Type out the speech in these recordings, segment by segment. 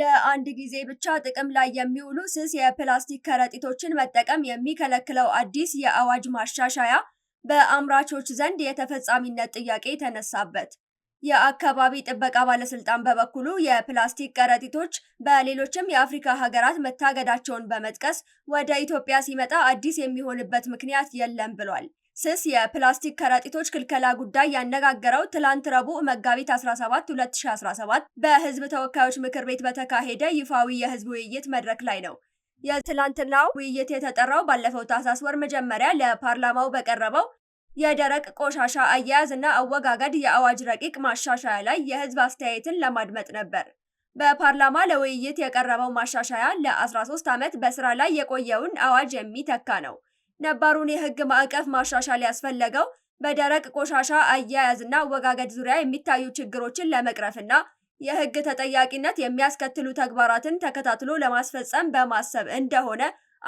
ለአንድ ጊዜ ብቻ ጥቅም ላይ የሚውሉ ስስ የፕላስቲክ ከረጢቶችን መጠቀም የሚከለክለው አዲስ የአዋጅ ማሻሻያ በአምራቾች ዘንድ የተፈጻሚነት ጥያቄ ተነሳበት። የአካባቢ ጥበቃ ባለስልጣን በበኩሉ የፕላስቲክ ከረጢቶች በሌሎችም የአፍሪካ ሀገራት መታገዳቸውን በመጥቀስ ወደ ኢትዮጵያ ሲመጣ አዲስ የሚሆንበት ምክንያት የለም ብሏል። ስስ የፕላስቲክ ከረጢቶች ክልከላ ጉዳይ ያነጋገረው ትላንት ረቡዕ መጋቢት 17 2017 በሕዝብ ተወካዮች ምክር ቤት በተካሄደ ይፋዊ የሕዝብ ውይይት መድረክ ላይ ነው። የትላንትናው ውይይት የተጠራው ባለፈው ታህሳስ ወር መጀመሪያ ለፓርላማው በቀረበው የደረቅ ቆሻሻ አያያዝ እና አወጋገድ የአዋጅ ረቂቅ ማሻሻያ ላይ የሕዝብ አስተያየትን ለማድመጥ ነበር። በፓርላማ ለውይይት የቀረበው ማሻሻያ ለ13 ዓመት በስራ ላይ የቆየውን አዋጅ የሚተካ ነው። ነባሩን የህግ ማዕቀፍ ማሻሻል ያስፈለገው በደረቅ ቆሻሻ አያያዝና አወጋገድ ዙሪያ የሚታዩ ችግሮችን ለመቅረፍና የህግ ተጠያቂነት የሚያስከትሉ ተግባራትን ተከታትሎ ለማስፈጸም በማሰብ እንደሆነ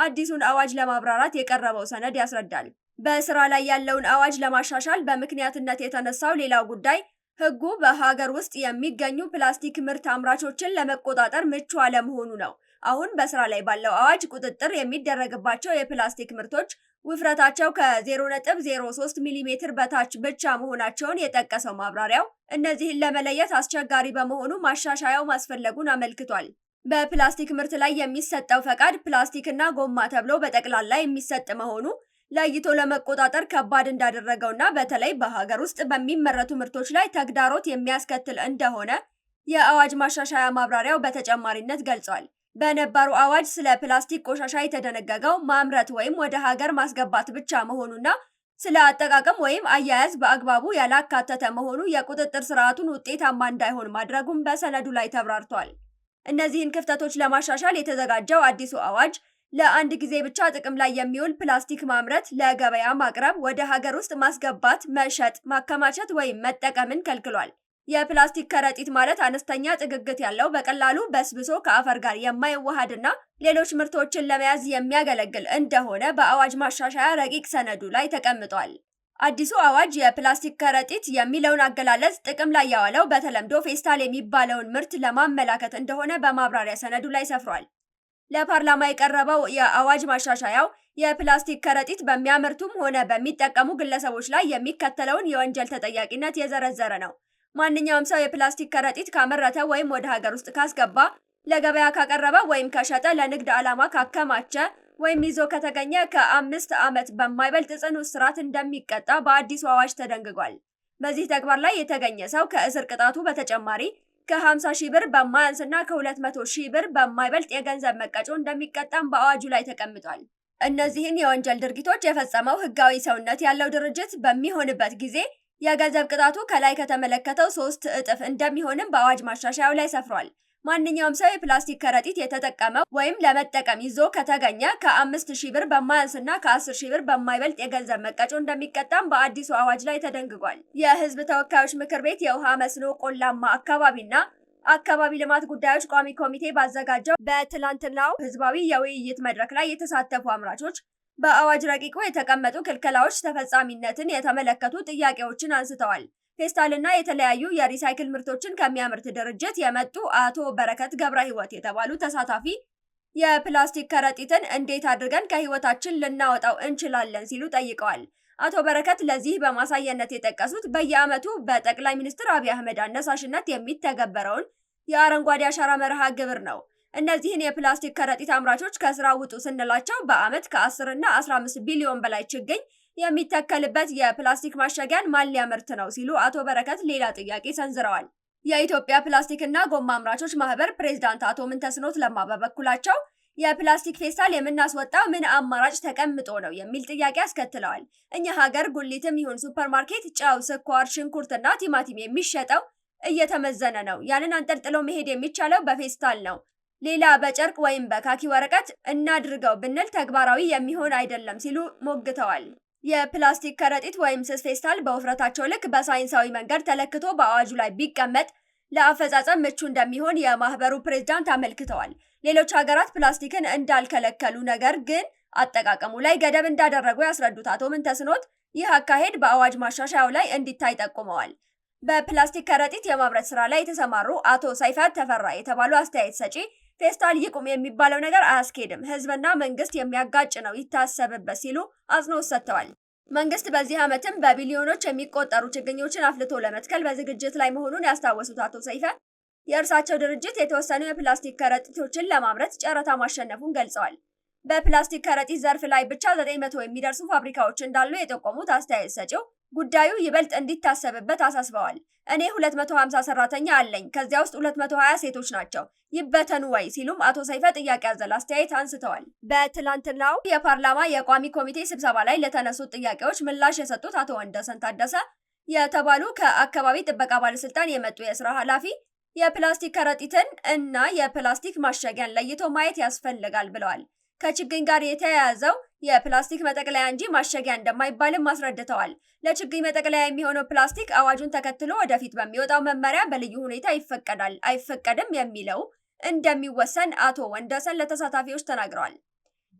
አዲሱን አዋጅ ለማብራራት የቀረበው ሰነድ ያስረዳል። በስራ ላይ ያለውን አዋጅ ለማሻሻል በምክንያትነት የተነሳው ሌላው ጉዳይ ህጉ በሀገር ውስጥ የሚገኙ ፕላስቲክ ምርት አምራቾችን ለመቆጣጠር ምቹ አለመሆኑ ነው። አሁን በስራ ላይ ባለው አዋጅ ቁጥጥር የሚደረግባቸው የፕላስቲክ ምርቶች ውፍረታቸው ከ0.03 ሚሊሜትር በታች ብቻ መሆናቸውን የጠቀሰው ማብራሪያው እነዚህን ለመለየት አስቸጋሪ በመሆኑ ማሻሻያው ማስፈለጉን አመልክቷል። በፕላስቲክ ምርት ላይ የሚሰጠው ፈቃድ ፕላስቲክና ጎማ ተብሎ በጠቅላላ የሚሰጥ መሆኑ ለይቶ ለመቆጣጠር ከባድ እንዳደረገውና በተለይ በሀገር ውስጥ በሚመረቱ ምርቶች ላይ ተግዳሮት የሚያስከትል እንደሆነ የአዋጅ ማሻሻያ ማብራሪያው በተጨማሪነት ገልጿል። በነባሩ አዋጅ ስለ ፕላስቲክ ቆሻሻ የተደነገገው ማምረት ወይም ወደ ሀገር ማስገባት ብቻ መሆኑና ስለ አጠቃቀም ወይም አያያዝ በአግባቡ ያላካተተ መሆኑ የቁጥጥር ስርዓቱን ውጤታማ እንዳይሆን ማድረጉም በሰነዱ ላይ ተብራርቷል። እነዚህን ክፍተቶች ለማሻሻል የተዘጋጀው አዲሱ አዋጅ ለአንድ ጊዜ ብቻ ጥቅም ላይ የሚውል ፕላስቲክ ማምረት፣ ለገበያ ማቅረብ፣ ወደ ሀገር ውስጥ ማስገባት፣ መሸጥ፣ ማከማቸት ወይም መጠቀምን ከልክሏል። የፕላስቲክ ከረጢት ማለት አነስተኛ ጥግግት ያለው በቀላሉ በስብሶ ከአፈር ጋር የማይዋሃድና ሌሎች ምርቶችን ለመያዝ የሚያገለግል እንደሆነ በአዋጅ ማሻሻያ ረቂቅ ሰነዱ ላይ ተቀምጧል። አዲሱ አዋጅ የፕላስቲክ ከረጢት የሚለውን አገላለጽ ጥቅም ላይ ያዋለው በተለምዶ ፌስታል የሚባለውን ምርት ለማመላከት እንደሆነ በማብራሪያ ሰነዱ ላይ ሰፍሯል። ለፓርላማ የቀረበው የአዋጅ ማሻሻያው የፕላስቲክ ከረጢት በሚያመርቱም ሆነ በሚጠቀሙ ግለሰቦች ላይ የሚከተለውን የወንጀል ተጠያቂነት የዘረዘረ ነው። ማንኛውም ሰው የፕላስቲክ ከረጢት ካመረተ ወይም ወደ ሀገር ውስጥ ካስገባ፣ ለገበያ ካቀረበ ወይም ከሸጠ፣ ለንግድ ዓላማ ካከማቸ ወይም ይዞ ከተገኘ ከአምስት ዓመት በማይበልጥ ጽኑ እስራት እንደሚቀጣ በአዲሱ አዋጅ ተደንግጓል። በዚህ ተግባር ላይ የተገኘ ሰው ከእስር ቅጣቱ በተጨማሪ ከ50 ሺህ ብር በማያንስና ከ200 ሺህ ብር በማይበልጥ የገንዘብ መቀጮ እንደሚቀጣም በአዋጁ ላይ ተቀምጧል። እነዚህን የወንጀል ድርጊቶች የፈጸመው ሕጋዊ ሰውነት ያለው ድርጅት በሚሆንበት ጊዜ የገንዘብ ቅጣቱ ከላይ ከተመለከተው ሶስት እጥፍ እንደሚሆንም በአዋጅ ማሻሻያው ላይ ሰፍሯል። ማንኛውም ሰው የፕላስቲክ ከረጢት የተጠቀመ ወይም ለመጠቀም ይዞ ከተገኘ ከአምስት ሺህ ብር በማያንስና ከአስር ሺህ ብር በማይበልጥ የገንዘብ መቀጮ እንደሚቀጣም በአዲሱ አዋጅ ላይ ተደንግጓል። የህዝብ ተወካዮች ምክር ቤት የውሃ መስኖ፣ ቆላማ አካባቢና አካባቢ ልማት ጉዳዮች ቋሚ ኮሚቴ ባዘጋጀው በትላንትናው ህዝባዊ የውይይት መድረክ ላይ የተሳተፉ አምራቾች በአዋጅ ረቂቁ የተቀመጡ ክልከላዎች ተፈጻሚነትን የተመለከቱ ጥያቄዎችን አንስተዋል። ፌስታልና የተለያዩ የሪሳይክል ምርቶችን ከሚያምርት ድርጅት የመጡ አቶ በረከት ገብረ ሕይወት የተባሉ ተሳታፊ የፕላስቲክ ከረጢትን እንዴት አድርገን ከህይወታችን ልናወጣው እንችላለን ሲሉ ጠይቀዋል። አቶ በረከት ለዚህ በማሳያነት የጠቀሱት በየዓመቱ በጠቅላይ ሚኒስትር አብይ አህመድ አነሳሽነት የሚተገበረውን የአረንጓዴ አሻራ መርሃ ግብር ነው። እነዚህን የፕላስቲክ ከረጢት አምራቾች ከስራ ውጡ ስንላቸው በአመት ከ10 እና 15 ቢሊዮን በላይ ችግኝ የሚተከልበት የፕላስቲክ ማሸጊያን ማሊያ ምርት ነው ሲሉ አቶ በረከት ሌላ ጥያቄ ሰንዝረዋል። የኢትዮጵያ ፕላስቲክና ጎማ አምራቾች ማህበር ፕሬዝዳንት አቶ ምንተስኖት ለማ በበኩላቸው የፕላስቲክ ፌስታል የምናስወጣው ምን አማራጭ ተቀምጦ ነው የሚል ጥያቄ አስከትለዋል። እኛ ሀገር ጉሊትም ይሁን ሱፐርማርኬት ጨው፣ ስኳር፣ ሽንኩርትና ቲማቲም የሚሸጠው እየተመዘነ ነው። ያንን አንጠልጥሎ መሄድ የሚቻለው በፌስታል ነው። ሌላ በጨርቅ ወይም በካኪ ወረቀት እናድርገው ብንል ተግባራዊ የሚሆን አይደለም ሲሉ ሞግተዋል። የፕላስቲክ ከረጢት ወይም ስስ ፌስታል በውፍረታቸው ልክ በሳይንሳዊ መንገድ ተለክቶ በአዋጁ ላይ ቢቀመጥ ለአፈጻጸም ምቹ እንደሚሆን የማህበሩ ፕሬዝዳንት አመልክተዋል። ሌሎች ሀገራት ፕላስቲክን እንዳልከለከሉ ነገር ግን አጠቃቀሙ ላይ ገደብ እንዳደረጉ ያስረዱት አቶ ምንተስኖት ይህ አካሄድ በአዋጅ ማሻሻያው ላይ እንዲታይ ጠቁመዋል። በፕላስቲክ ከረጢት የማምረት ስራ ላይ የተሰማሩ አቶ ሳይፈር ተፈራ የተባሉ አስተያየት ሰጪ ፌስታል ይቁም የሚባለው ነገር አያስኬድም፣ ህዝብና መንግስት የሚያጋጭ ነው፣ ይታሰብበት ሲሉ አጽንኦት ሰጥተዋል። መንግስት በዚህ ዓመትም በቢሊዮኖች የሚቆጠሩ ችግኞችን አፍልቶ ለመትከል በዝግጅት ላይ መሆኑን ያስታወሱት አቶ ሰይፈ የእርሳቸው ድርጅት የተወሰኑ የፕላስቲክ ከረጢቶችን ለማምረት ጨረታ ማሸነፉን ገልጸዋል። በፕላስቲክ ከረጢት ዘርፍ ላይ ብቻ 900 የሚደርሱ ፋብሪካዎች እንዳሉ የጠቆሙት አስተያየት ሰጪው ጉዳዩ ይበልጥ እንዲታሰብበት አሳስበዋል። እኔ 250 ሰራተኛ አለኝ፣ ከዚያ ውስጥ 220 ሴቶች ናቸው፣ ይበተኑ ወይ ሲሉም አቶ ሰይፈ ጥያቄ አዘል አስተያየት አንስተዋል። በትላንትናው የፓርላማ የቋሚ ኮሚቴ ስብሰባ ላይ ለተነሱት ጥያቄዎች ምላሽ የሰጡት አቶ ወንደሰን ታደሰ የተባሉ ከአካባቢ ጥበቃ ባለስልጣን የመጡ የስራ ኃላፊ የፕላስቲክ ከረጢትን እና የፕላስቲክ ማሸጊያን ለይቶ ማየት ያስፈልጋል ብለዋል። ከችግኝ ጋር የተያያዘው የፕላስቲክ መጠቅለያ እንጂ ማሸጊያ እንደማይባልም አስረድተዋል። ለችግኝ መጠቅለያ የሚሆነው ፕላስቲክ አዋጁን ተከትሎ ወደፊት በሚወጣው መመሪያ በልዩ ሁኔታ ይፈቀዳል አይፈቀድም የሚለው እንደሚወሰን አቶ ወንደሰን ለተሳታፊዎች ተናግረዋል።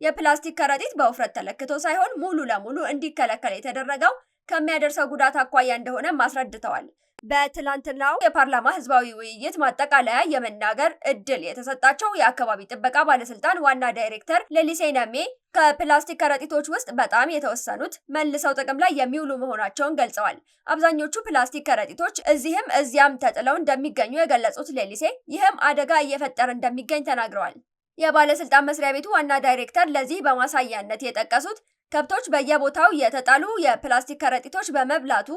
የፕላስቲክ ከረጢት በውፍረት ተለክቶ ሳይሆን ሙሉ ለሙሉ እንዲከለከል የተደረገው ከሚያደርሰው ጉዳት አኳያ እንደሆነም አስረድተዋል። በትላንትናው የፓርላማ ህዝባዊ ውይይት ማጠቃለያ የመናገር እድል የተሰጣቸው የአካባቢ ጥበቃ ባለስልጣን ዋና ዳይሬክተር ሌሊሴ ነሜ ከፕላስቲክ ከረጢቶች ውስጥ በጣም የተወሰኑት መልሰው ጥቅም ላይ የሚውሉ መሆናቸውን ገልጸዋል። አብዛኞቹ ፕላስቲክ ከረጢቶች እዚህም እዚያም ተጥለው እንደሚገኙ የገለጹት ሌሊሴ ይህም አደጋ እየፈጠረ እንደሚገኝ ተናግረዋል። የባለስልጣን መስሪያ ቤቱ ዋና ዳይሬክተር ለዚህ በማሳያነት የጠቀሱት ከብቶች በየቦታው የተጣሉ የፕላስቲክ ከረጢቶች በመብላቱ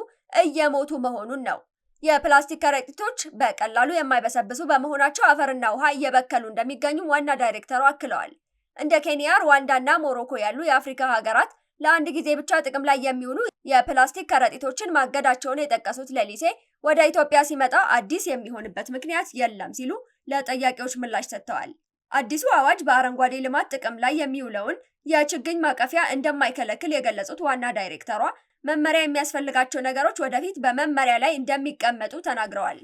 እየሞቱ መሆኑን ነው። የፕላስቲክ ከረጢቶች በቀላሉ የማይበሰብሱ በመሆናቸው አፈርና ውሃ እየበከሉ እንደሚገኙም ዋና ዳይሬክተሩ አክለዋል። እንደ ኬንያ፣ ሩዋንዳና ሞሮኮ ያሉ የአፍሪካ ሀገራት ለአንድ ጊዜ ብቻ ጥቅም ላይ የሚውሉ የፕላስቲክ ከረጢቶችን ማገዳቸውን የጠቀሱት ለሊሴ ወደ ኢትዮጵያ ሲመጣ አዲስ የሚሆንበት ምክንያት የለም ሲሉ ለጠያቂዎች ምላሽ ሰጥተዋል። አዲሱ አዋጅ በአረንጓዴ ልማት ጥቅም ላይ የሚውለውን የችግኝ ማቀፊያ እንደማይከለክል የገለጹት ዋና ዳይሬክተሯ መመሪያ የሚያስፈልጋቸው ነገሮች ወደፊት በመመሪያ ላይ እንደሚቀመጡ ተናግረዋል።